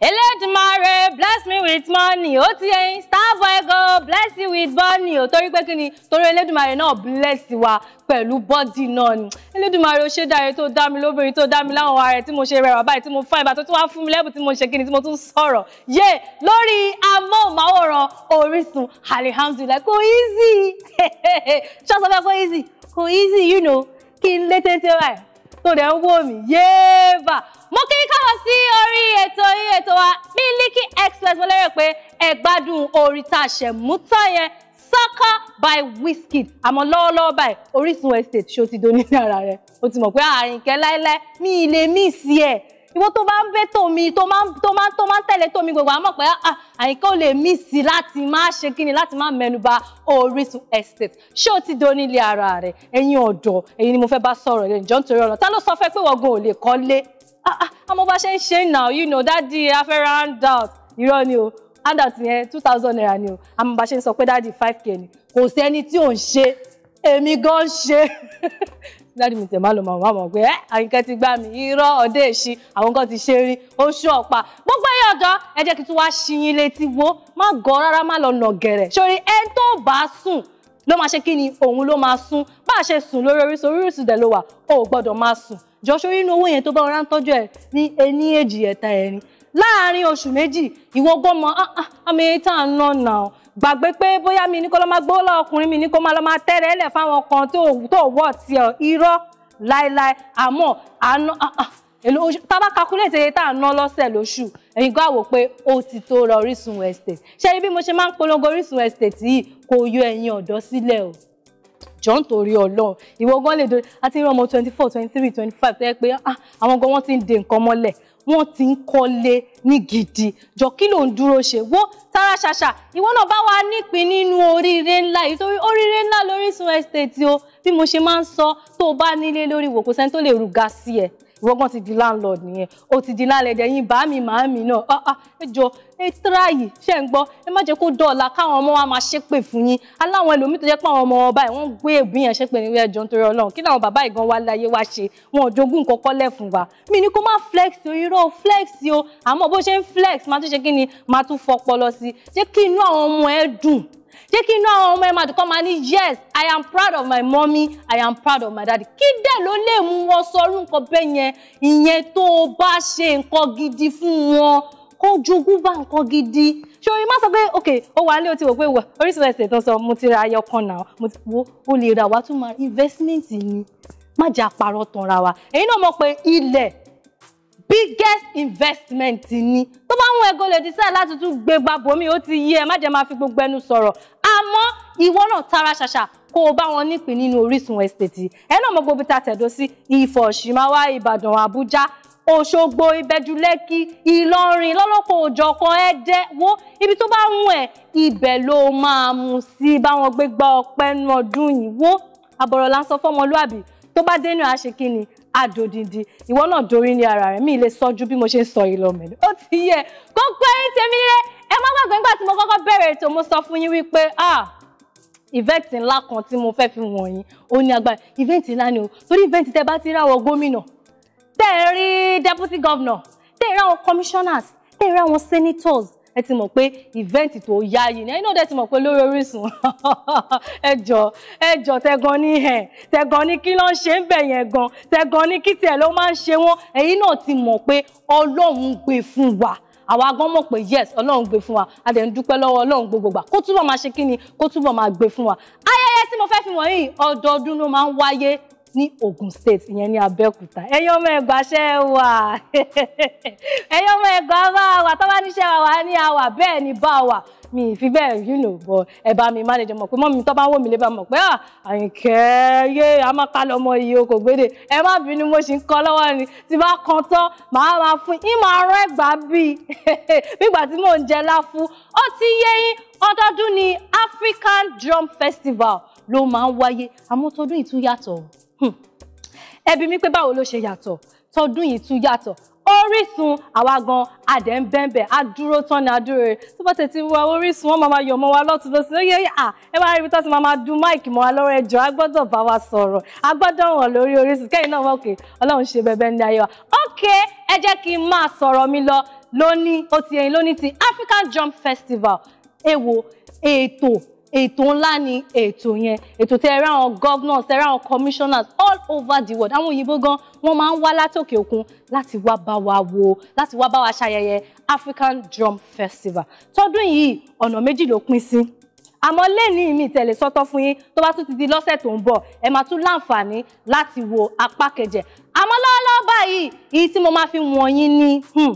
Elédùmarè bless me with money ó ti ẹyin Starboy go bless you with money ó torí pé kí ni torí Elédùmarè náà bless wa pẹ̀lú bọ́dì náà ni Elédùmarè ó ṣe dáre tó dá mi lóbìnrin tó dá mi láwọn ara rẹ̀ tí mo ṣe rẹwà báyìí tí mo fọ́ ìbá tó tún wá fún mi lẹ́bùn tí mo ṣe kí ni tí mo tún sọ̀rọ̀ yé lórí amóhùnmáwòrán Orísun alihamdulilayi kò easy ṣọ́sọ́ fẹ́ kò easy kò easy you know kí n lé téńté báyìí tó dẹ̀ ń wò mí yéèbà mo kí káwọn sí orí gbádùn orin tá a ṣẹ̀ mú tán yẹn Saka by Wizkid àmọ́ lọ́wọ́lọ́wọ́ báyìí Orísun estate ṣó ti do ní ara rẹ̀ o ti mọ̀ pé àrìnkẹ́ láéláé mi ì lè mí sí ẹ̀ ìwọ tó bá ń bẹ tòmí tó máa ń tó máa ń tó máa ń tẹ̀lé tòmí gbogbo àmọ́ pé ah, àyíkẹ́ ò lè mí sí láti má ṣe kíni láti má mẹnuba Orísun estate ṣé ti do nílé ara rẹ̀ ẹ̀yin ọ̀dọ́ ẹ̀yin ni mo fẹ́ bá sọ̀rọ̀ ẹ̀ ǹjọ́ nítorí ọ̀nà ta ló sọ fẹ́ pé wọ́gbọ̀n ò lè kọ́lé ah, ah, àmọ́ bá ṣe ń ṣe now you know that day dádì afẹ́rẹ́ round out irọ́ ni o handout yẹn two thousand naira ni o àmọ́ bá ń sọ pé dáàdi five k ni kò sẹ́ni tí ò ń ṣe èmi gan ṣe dáàdi mi tẹ̀ má lọ màmá mọ̀ pé ẹ́ àyíkẹ́ ti gbá mi irọ́ ọdẹ èṣì àwọn kan ti ṣe rí oṣù ọ̀pá gbogbo ẹ̀yọ́ ọ̀dọ́ ẹ jẹ́ kí tí wàá ṣiyin létí wo má gọ̀ rárá má lọ nà gẹ̀rẹ̀ sórí ẹni tó bá sùn ló máa ṣe kí ni òun ló máa sùn bá a ṣe sùn lórí Orísun Orísun dẹ̀ ló wà o gbọ́dọ̀ máa sùn jọ sórí inú owó yẹn tó bá wọn rántọ́jú ẹ̀ ní ení èjì ẹ̀ta ẹ̀rin láàárín oṣù méjì ìwọ gbọ́mọ ah, ah, àmì tá à ń nà nà ọ́ gbàgbé pé bóyá mi ní kó lọ máa gbowó lọ ọkùnrin mi ní kó máa lọ máa tẹ́rẹ̀ ẹ̀lẹ̀ fáwọn kan tó wọ̀ tí ọ irọ́ láéláé àmọ́ àná ah, èlò oṣù tá a bá calculate iye tá à ná lọ́sẹ̀ lóṣù ẹ̀yin gbọ́ àwò pé ó ti tó ra Orísun Estate ṣé ibi mo ṣe máa ń polongo Orísun Estate yìí kò yọ ẹ̀yin ọ̀dọ́ sílẹ̀ o jọ ń torí Ọlọ́run ìwọ gan lè dorí àti irú ọmọ twenty four twenty three twenty five tó yẹ pé ah, àwọn gan wọ́n ti ń de nǹkan mọ́lẹ̀ wọ́n ti ń kọ́lé ní gidi jọ kí ló ń dúró ṣe wó tara ṣàṣà ìwọ náà bá wa nípìn nínú oríire ńlá yìí torí oríire ńlá lórísun estate o bí mo ṣe máa ń sọ tó o bá nílé lórí wò kò sẹ́ni tó lè ruga sí ẹ ìwọ gan ti di landlord nìyẹn o ti di landlord ẹ̀yin bàámi màámi náà ah, ah, ẹ jọ ẹ tíráyì ṣe ń gbọ́ ẹ má jẹ́ kó dọ̀ọ̀la káwọn ọmọ wa máa ṣépè fún yín aláwọn ẹlòmíì tó jẹ́ pé àwọn ọmọ wọn báyìí wọ́n gbé èbú yẹn ṣépè níwé ẹjọ́ nítorí ọlọ́run kí làwọn bàbá ìgan wa láyé wa ṣe wọn ò jogún nǹkan kọ́lẹ̀ fún wa mi ni kó má flex o irọ́ flex o àmọ́ bó ṣe ń flex máa tún ṣe kí ni máa tún fọpọlọ sí jẹ́ kí inú àwọn ọmọ ẹ dùn jẹ́ kí inú àwọn ọmọ ẹ máa dùn máa ní yes i am proud of my mommy i am proud of my daddy kí dẹ̀ ló lè mú wọn sọ irú nǹkan bẹ́ẹ̀ yẹn ìyẹn tó o bá ṣe nǹkan gidi fún wọn kán jogún bá nǹkan gidi ṣé orin má sọ pé ok ó wà nílé ó ti wò pé wà Orísun ẹsẹ̀ tó sọ mo ti ra ayọ̀ kan náà mo ti wo o lè ra wa tún máa investment ni má jà parọ́ tàn ra wa èyí náà mọ̀ pé ilẹ̀ biggest investment ni tó bá ń wọ ẹgọ́ lè decide láti tún gbé gbàgbọ́ mi ó ti yí ẹ má jẹ́ máa fi gbogbo ẹnu sọ̀rọ̀ àmọ́ ìwọ náà tara ṣàṣà kó o bá wọn nípìn nínú Orísun estate ẹ náà mọ gbogbo ta tẹ̀dó sí Ifọ̀ Ṣìmáwá Ìbàdàn Àbújá òṣogbo ìbẹ̀júlẹ́kì ìlọrin lọ́lọ́pọ̀ òjọ̀kan ẹ̀dẹ́ wo ibi tó bá mú ẹ̀ ibẹ̀ ló máa mú sí báwọn gbé gbá ọpẹ́ nu ọdún yìí wo àbọ̀rọ̀ là ń sọ fọ́mọlúàbí tó bá dénú àṣekínni àdòdìndì ìwọ náà dorí ní ara rẹ̀ mi lè sọ ju bí mo ṣe ń sọ yìí lọ mẹ́lẹ̀ ó ti yẹ kó pé tèmi rẹ ẹ má gbàgbé nígbà tí mo kọ́kọ́ bẹ̀rẹ̀ ètò mo sọ fún yín wípé ah event ńlá kan tí mo fẹ́ fi wọ̀nyí ó ní agbára event ńlá ni o torí event tẹ bá ti ráwọ gómìnà tẹ́ ẹ rí deputy governor tẹ́ ẹ rí àwọn commissioners tẹ́ ẹ rí àwọn senators ẹ ti mọ̀ pé ìvẹ́ǹtì tó yá yìí ni ẹ̀yin náà dẹ̀ ti mọ̀ pé lórí Orísun ẹjọ́ ẹjọ́ tẹ̀gàn ní ẹ̀ tẹ̀gàn ní kí ló ń ṣe ń bẹ̀ yẹn gan tẹ̀gàn ní kí tiẹ̀ ló máa ń ṣe wọ́n ẹ̀yin náà ti mọ̀ pé Ọlọ́run gbé fún wa àwa gan mọ̀ pé yes Ọlọ́run gbé fún wa a dẹ̀ ń dúpẹ́ lọ́wọ́ Ọlọ́run gbogbogbà kó túbọ̀ máa ṣe kí ni kó túbọ̀ máa gbé fún wa ayẹyẹ tí mo fẹ́ fi wọ̀nyí ọdọọdún ló máa ń wáyé ní Ogun State ìyẹn ní Abẹ́òkúta ẹ̀yin ọmọ ẹ̀gbá ṣẹ́ wà ẹ̀yin ọmọ ẹ̀gbá bá wà tó bá níṣẹ́ wà wá ní àwà bẹ́ẹ̀ ni bá wà mi ì fi bẹ́ẹ̀ you know bọ̀ ẹ bá mi manager mọ̀ pé mọ́ mi tó bá ń wò mí lé bá mọ̀ pé à ah, àyìnkẹ́ yé amákalẹ̀ ọmọ yìí o kò gbédè ẹ má bínú mo sì ń kọ́ lọ́wọ́ ni tí bá kan tán màá máa fún yín máa rán ẹ̀gbá bíi bígbà tí mò ń jẹ láfú ó ti yé yín ọdọọdún ni African Drum Festival ló máa ń wáyé àmọ́ tọdún ìtúyàtọ̀ Hmm. ẹ bi mí pé báwo ló ṣe yàtọ̀ tọdún yìí tún yàtọ̀ orísun àwa gan adẹ̀ ń bẹ́ńbẹ̀ á dúró tán ní adúró rẹ̀ tó bá tètè wá orísun wọn máa yọ̀ mọ́ wa lọ́tún lọ́sìn ó yẹ à ẹ wá rí ibi tó ti máa dún máìkì mọ́ wa lọ́rọ̀ ẹjọ́ a gbọ́dọ̀ bá wa sọ̀rọ̀ a gbọ́dọ̀ wọn lórí orísun kẹ́yìn náà wọ́n kè ọlọ́run ṣe bẹ̀bẹ̀ ní ayé wa ok ẹ jẹ́ kí n máa sọ̀rọ̀ mi lọ lónìí ó ti ẹ̀yìn lónìí ti African Jump Festival èwo ètò ètò ńlá ni ètò yẹn ètò tẹ ẹ àwọn governors tẹ ẹ àwọn commissioners all over the world àwọn òyìnbó gan wọn máa ń wá látòkè òkun láti wá bá wa wo láti wá bá wa ṣayẹyẹ African Drum Festival tọdún yìí ọ̀nà méjì ló pín sí àmọ́ lẹ́ni mi tẹ̀lé sọ́tọ̀ fún yín tó bá tún ti di lọ́sẹ̀ tó ń bọ̀ ẹ máa tún láǹfààní láti wo apá kẹjẹ àmọ́ lọ́wọ́lọ́wọ́ báyìí èyí tí mo máa fi wọ̀nyí ni hmm,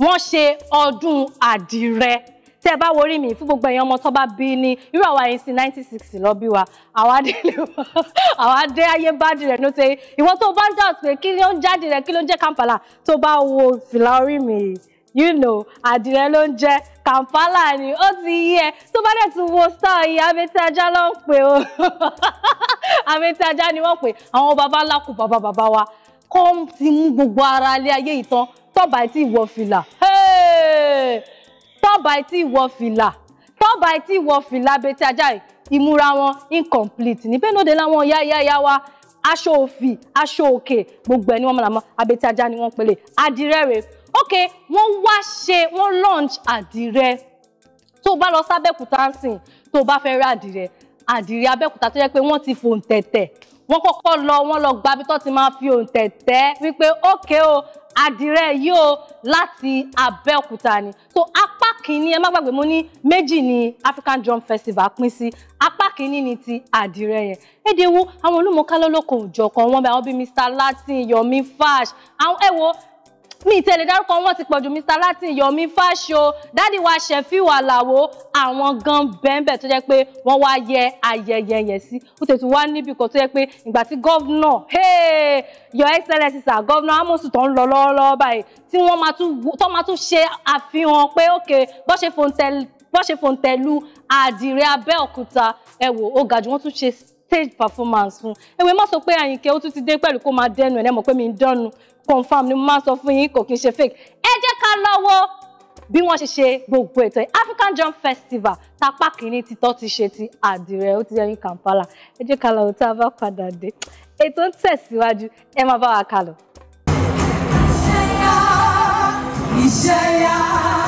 wọ́n ṣe ọdún àdìrẹ tẹ́ ẹ bá worí mi fún gbogbo ẹ̀yin ọmọ tó bá bí ní irú àwa yìí sí nineteen sixty lọ bí wa àwa dé àwa dé ayé báàdì rẹ̀ ló ṣe ìwọ tó bá doubt pé kí ló ń jáde rẹ̀ kí ló ń jẹ́ kàǹpálà tó bá wo fìlà orí mi you know àdìrẹ ló ń jẹ́ Kampala. ni ó ti yí ẹ tó bá dẹ̀ tún wo star yìí abẹ́tí ajá ló ń pè ó abẹ́tí ajá ni wọ́n pè àwọn baba ńlá kù bàbá bàbá wa kọ́ ti mú gbogbo ara ilé ayé ìtàn tọ́ba ẹ̀ tí wọ fìlà. Hey! tọ́ọ̀bà etí wọ fìlà tọ́ọ̀bà etí wọ fìlà abetí ajá yìí ìmúra wọn incomplete ní pẹ́ẹ́nọ́dẹ láwọn yáyáyá wa aṣọ òfì aṣọ òkè gbogbo ẹ̀ ni wọ́n mọ̀ abetí ajá ni wọ́n pele adìrẹ ok wọ́n wá ṣe wọ́n launch adìrẹ tó o bá lọ sábẹ́kúta ń sìn tó o bá fẹ́ rí adìrẹ adìrẹ abẹ́kúta tó yẹ pé wọ́n ti fòǹtẹ̀tẹ̀ wọ́n kọ́kọ́ lọ wọ́n lọ gbabi tó ti máa fi òǹtẹ̀tẹ̀ wípé ókè o adìrẹ yìí o láti abẹ́òkúta ni so a kìíní ẹ má gbàgbé mo ní méjì ni African Drum Festival pín sí apá kìíní ni ti àdìrẹ yẹn èdè wo àwọn olùmọ̀ọ́ká lọ́lọ́kọ̀ òjọ̀kan wọn bẹ àwọn bíi Mr Latin Yomi Fash àwọn ẹ wo mi tẹ́lẹ̀ dárúkọ wọn ti pọ̀jù Mr Latin Yomi Fasho dádì wa Shefiu Alao àwọn gan bẹ́ẹ̀nbẹ́ tó jẹ́ pé wọ́n wá yẹ ayẹyẹ yẹn sí ó tètè wá níbi kan tó jẹ́ pé ìgbà tí gọ́vnà your excellency sir gọ́vnà Amosu tó ń lọ lọ́wọ́lọ́wọ́ báyìí tí wọ́n máa tún ṣe àfihàn pé ókè bó ṣe fòǹtẹ̀lú àdìrẹ Abẹ́òkúta ẹ̀wò ó ga jù wọ́n tún ṣe stage performance fún ẹ̀wẹ̀ má sọ pé Àyìnkẹ́ ó tún ti dé pẹ̀lú kó máa dẹnu ẹ̀ mọ̀ pé mi ń dánnu confam ni mo máa sọ fún yín kò kí n ṣe fake ẹ jẹ́ ká lọ wo bí wọ́n ṣe ṣe gbogbo ètò African Drum Festival tapá kìíní títọ́ ti ṣe ti àdìrẹ ó ti yẹyin Kampala ẹ jẹ́ ká lọ wò tá a bá padà dé ètò ń tẹ̀síwájú ẹ máa bá wa kà lọ. ìṣẹ́yà ìṣẹ́yà.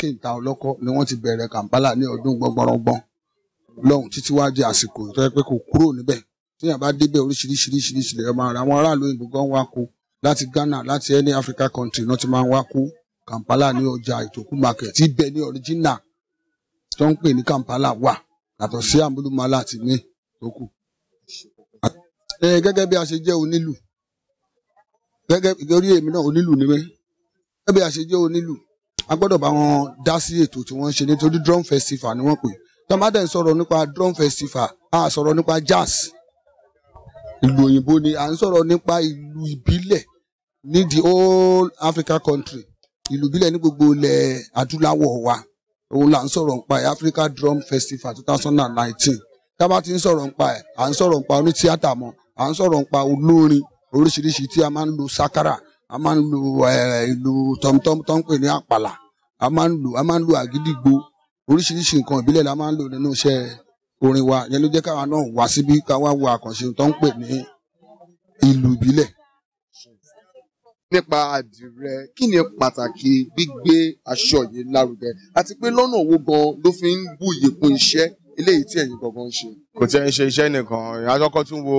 Kíńtà Ọlọ́kọ́ ni wọ́n ti bẹ̀rẹ̀ Kampala ní ọdún gbọ́ngbọ́nrọ́gbọ́n lọ́hùn títí wá di àsìkò tó yẹ pé kò kúrò níbẹ̀ téèyàn bá débẹ̀ oríṣiríṣiríṣiríṣi lè máa ra àwọn aráàlú òyìnbó gan wá kó láti Ghana láti any Africa country náà ti máa wá kó Kampala ní ọjà ìtòkú market ibẹ̀ ní original tó ń pè ní Kampala wà yàtọ̀ sí àmúlùmálà àti mi tó kù. gẹ́gẹ́ bí a ṣe jẹ́ onílù gẹ́gẹ́ bí orí èmi náà onílù ni mí gẹ́gẹ́ bí a ṣe jẹ́ onílù a gbọ́dọ̀ bá wọn dá sí ètò tí wọ́n ṣe nítorí drum festival ni wọ́n pè tọ́mádẹ́ ń sọ̀rọ̀ nípa drum festival a sọ̀rọ̀ nípa jazz ìlú òyìnbó ni à ń sọ̀rọ̀ nípa ìlú ìbílẹ̀ ní the whole Africa country ìlú ìbílẹ̀ ní gbogbo ilẹ̀ adúláwọ̀ wa òun là ń sọ̀rọ̀ nípa ẹ̀ Africa Drum Festival two thousand and nineteen tá a bá ti ń sọ̀rọ̀ nípa ẹ̀ à ń sọ̀rọ̀ nípa onítíátà mọ́ à ń sọ̀rọ̀ nípa olórin oríṣiríṣi tí a máa ń lo sakara a máa ń lo eh, ìlú tọ́mtọ́m ń pè ní àpàlà a máa ń lò a máa ń lò àgídìgbò oríṣiríṣi nǹkan ìbílẹ̀ la máa ń lò nínú iṣẹ́ orin wa yẹn ló jẹ́ káwa náà wá síbí káwa wo àkànṣe tó ń pè ní ìlù ìbílẹ̀. nípa àdìrẹ kí ni pàtàkì gbígbé aṣọ yìí lárugẹ àti pé lọ́nà owó gan ló fi ń bùyè kún iṣẹ́ eléyìí tí ẹ̀yin gangan ń ṣe. kò tí ẹ ń ṣe iṣẹ́ nìkan ìyá kọ́kọ́ tún wo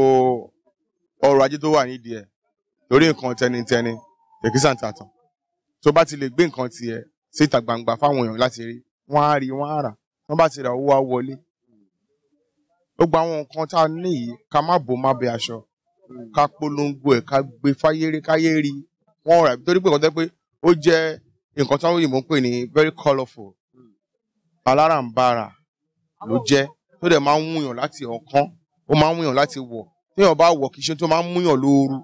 ọrọ̀ ajé tó wà nídìí ẹ̀ lórí nǹkan tẹnitẹni èkìsà tó bá ti lè gbé nǹkan tiẹ̀ síta gbangba fáwọn èèyàn láti rí wọ́n á rí wọ́n á rà wọ́n bá ti rà owó á wọlé gbogbo àwọn nǹkan tá a ní yìí ká má bò má bẹ aṣọ ká polongo ẹ̀ ká gbé fáyéré káyé rí wọ́n rà torí pé nǹkan tẹ́ pé ó jẹ́ nǹkan táwọn òyìnbó ń pè ní very colourful alárànbarà ló jẹ́ tó dẹ̀ máa ń múyàn láti ọ̀kan ó máa ń múyàn láti wọ̀ téèyàn bá wọ̀ kìí ṣe tó máa ń múyàn lóoru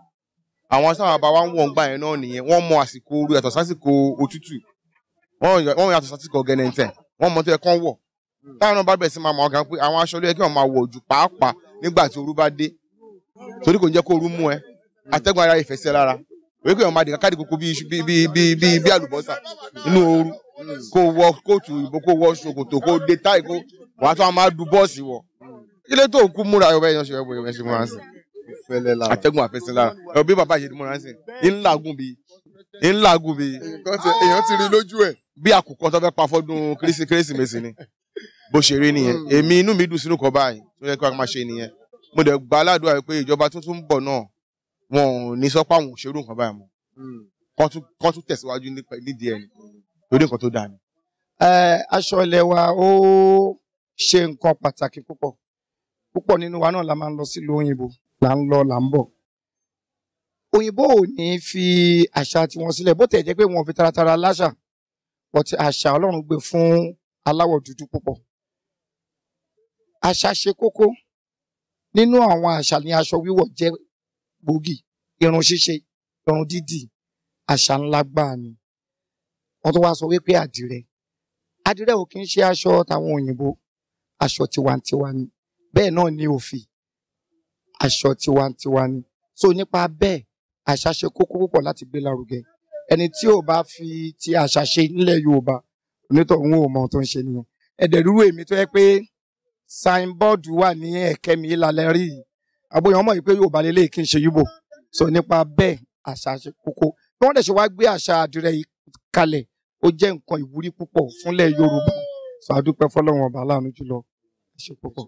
àwọn sábà bá wa ń wọ̀ ń gbà yẹn náà nìyẹn wọ́n mọ àsìkò ooru yàtọ̀ sásìkò òtútù wọ́n yàtọ̀ sátì gọ̀gẹ́ ní tẹ̀ wọ́n mọ tó yẹ kán wọ̀ hmm. táwọn náà bá bẹ̀rẹ̀ sí máa mọ̀ ọ̀gá pé àwọn aṣọ ló yẹ kí wọ́n máa wọ̀ jù pàápàá nígbà tí ooru bá dé torí kò ní jẹ́ kó ooru mú ẹ hmm. atẹ́gùn ara ìfẹ́ sí ẹ lára òye kò yẹ máa dìgbà káàdì kúkú bí àlùbọ́sà nínú ooru hmm. kó wọ kóòtù ìbò kó wọ ṣòkòtò kó dé táì kó wàá tó máa du bọ́ọ̀sì wọ̀ ilé tó kú múra ọbẹ̀ yẹn ṣe wẹ́ bóyá ẹ̀ṣin múra sí atẹ́gùn àfẹ́sẹ́ lára ẹ̀ bí bàbá ṣe múra sí ńlágùn bíi ńlágùn bíi. èèyàn ti rí lójú ẹ̀ bí àkùkọ tó fẹ́ pa fọ́dún kérésìmesì ni bó ṣe rí nìyẹn hmm. èmi inú mi dùn sínú kan báyìí tó yẹ kí wọ́n máa ṣe nìyẹn mo dẹ̀ gba aládùúrà pé ìjọba tuntun ń bọ̀ náà wọn ò ní sọ pé àwọn òṣèlú nǹkan báyìí mọ́ hmm. kán tún tẹ̀síwájú nídìí ẹ̀ ni lórí nǹkan tó dáa ni. aṣọ ilé wa ó ṣe nǹkan pàtàkì púpọ̀ púpọ̀ nínú wa náà la máa ń lọ sílùú òyìnbó là ń lọ là ń bọ̀ òyìnbó ò ní fi àṣà tiwọn sílẹ̀ bó tẹ̀ jẹ́ pé wọn ò fi taratara láṣà but àṣà Ọlọ́run gbé fún aláwọ̀ dúdú púpọ̀ àṣà ṣe kókó nínú àwọn àṣà ni aṣọ wíwọ̀ jẹ́ gbòógì irun ṣíṣe irun dídì àṣà ńlá gbáà ni wọ́n tún wá sọ wípé àdìrẹ àdìrẹ ò kì í ṣe aṣọ táwọn òyìnbó aṣọ tiwantiwa ni bẹ́ẹ̀ náà ni òfì aṣọ tiwantiwa ni so nípa bẹ́ẹ̀ àṣà ṣe kókó púpọ̀ láti gbé lárugẹ ẹni tí ò bá fi ti àṣà ṣe nílẹ̀ Yorùbá onítọ̀hún ò mọ tó ń ṣe nìyẹn ẹ̀dẹ̀rúrú èmi tó yẹ pé signboard wà ní ẹ̀kẹ́ mi lálẹ́ rí i àbóyàn mọ̀ pé Yorùbá lélẹ̀ kí n ṣe Yíbò sọ nípa bẹ́ẹ̀ àṣà ṣe kókó bí wọ́n dẹ̀ ṣe wá gbé àṣà àdìrẹ yìí kalẹ̀ ó jẹ́ nǹkan ìwúrí púpọ̀ fúnlẹ̀ Yorùbá sọ àdúpẹ́ fọlọ́run ọba aláàánú jùlọ ẹ ṣé púpọ̀.